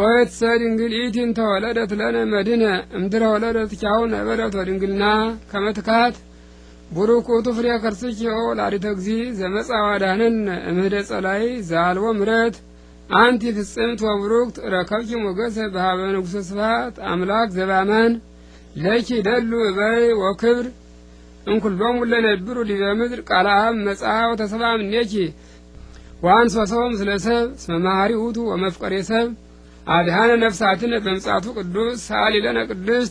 ወይት ወይትሰ ድንግል ኢቲን ተወለደት ለነ መድነ እምድረ ወለደት ቻው ነበረት ወድንግልና ከመ ትካት ቡሩክ ውእቱ ፍሬ ከርስኪ ኦ ወላዲተ እግዚእ ዘመጽአ ወአድኀነነ እምህደ ጸላይ ዛልቦ ምረት አንቲ ፍጽምት ወቡሩክት ረከብኪ ሞገሰ በሃበ ንጉሠ ስፋት አምላክ ዘባመን ለኪ ደሉ እበይ ወክብር እንኩሎሙ ለነብሩ ዲበ ምድር ቃልአብ አብ መጽአ ወተሰብአ እምኔኪ ወአንሶ ምስለ ሰብ እስመ መሐሪ ውእቱ ወመፍቀሬ ሰብ አድሃነ ነፍሳትነ በምጻቱ ቅዱስ ሳሊለነ ቅዱስ